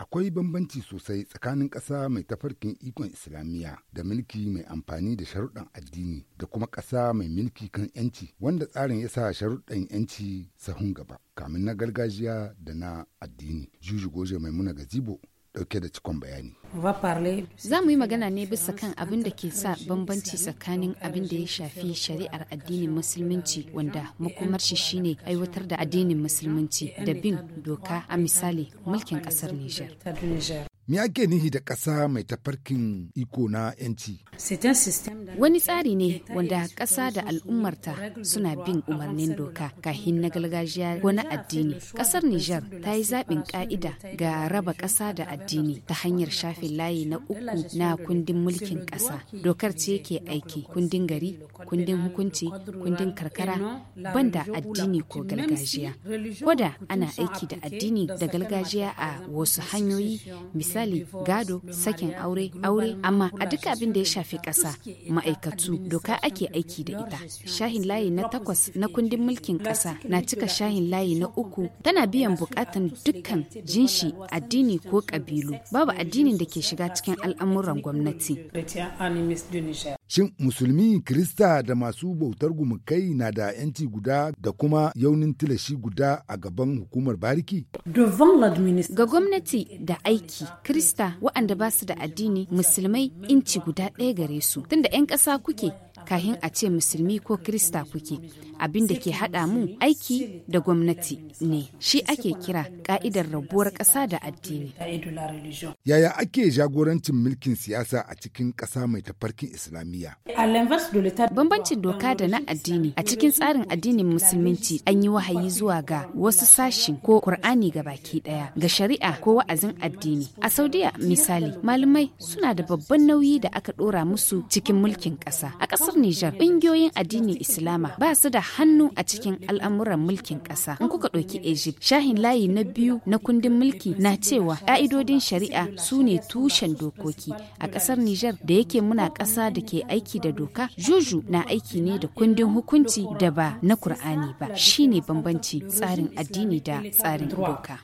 Akwai bambanci sosai tsakanin ƙasa mai tafarkin ikon Islamiyya da mulki mai amfani da sharuɗan addini da kuma ƙasa mai mulki kan 'yanci wanda tsarin ya sa sharuɗan 'yanci sahun gaba kamin na gargajiya da na addini. Juju Goje Maimuna Gazibo dauke da cikon bayani. Za mu yi magana ne bisa kan abin da ke sa bambanci tsakanin abin da ya shafi shari'ar addinin musulunci wanda makomar shi shine aiwatar da addinin musulunci da bin doka a misali mulkin kasar Nijar. Me ake nihi da ƙasa mai tafarkin iko na 'yanci? Wani tsari ne wanda ƙasa da al'ummarta suna bin umarnin doka kahin na gargajiya ko na addini. Ƙasar Nijar ta yi zaɓin ƙa'ida ga raba ƙasa da addini ta hanyar shafin layi na uku na kundin mulkin ƙasa. Dokar ce ke aiki kundin gari, kundin hukunci, kundin karkara, banda addini ko gargajiya. Koda ana aiki da addini da gargajiya a wasu hanyoyi misali gado sakin aure aure amma a duk abin da ya shafi kasa ma'aikatu doka ake aiki da ita shahin layi na takwas na kundin mulkin kasa na cika shahin layi na uku tana biyan bukatan dukkan jinshi addini ko ƙabilu babu addinin da ke shiga cikin al'amuran gwamnati Shin musulmi, Kirista da masu bautar gumukai na da 'yanci guda da kuma yaunin tilashi guda a gaban hukumar bariki? Ga gwamnati da aiki, Kirista waɗanda ba su da addini, musulmai inci guda ɗaya gare su, tunda 'yan ƙasa kuke kahin a ce musulmi ko krista kuke abin da ke haɗa mu aiki da gwamnati ne shi ake kira ka'idar rabuwar ƙasa da addini yaya ake jagorancin mulkin siyasa a cikin ƙasa mai tafarkin islamiyya bambancin doka da na addini a cikin tsarin addinin musulminci an yi wahayi zuwa ga wasu sashin ko kur'ani ga baki ɗaya ga shari'a ko wa'azin addini a saudiya misali malamai suna da babban nauyi da aka ɗora musu cikin mulkin ƙasa a ƙasar niger ƙungiyoyin addinin Islama ba su da hannu a cikin al'amuran mulkin ƙasa. In kuka ɗauki Egypt, shahin layi na biyu na kundin mulki na cewa ƙa'idodin shari'a su ne tushen dokoki a ƙasar niger da yake muna ƙasa da ke aiki da doka. Juju na aiki ne da kundin hukunci da ba na Kur'ani ba. shi ne bambanci tsarin addini da tsarin doka.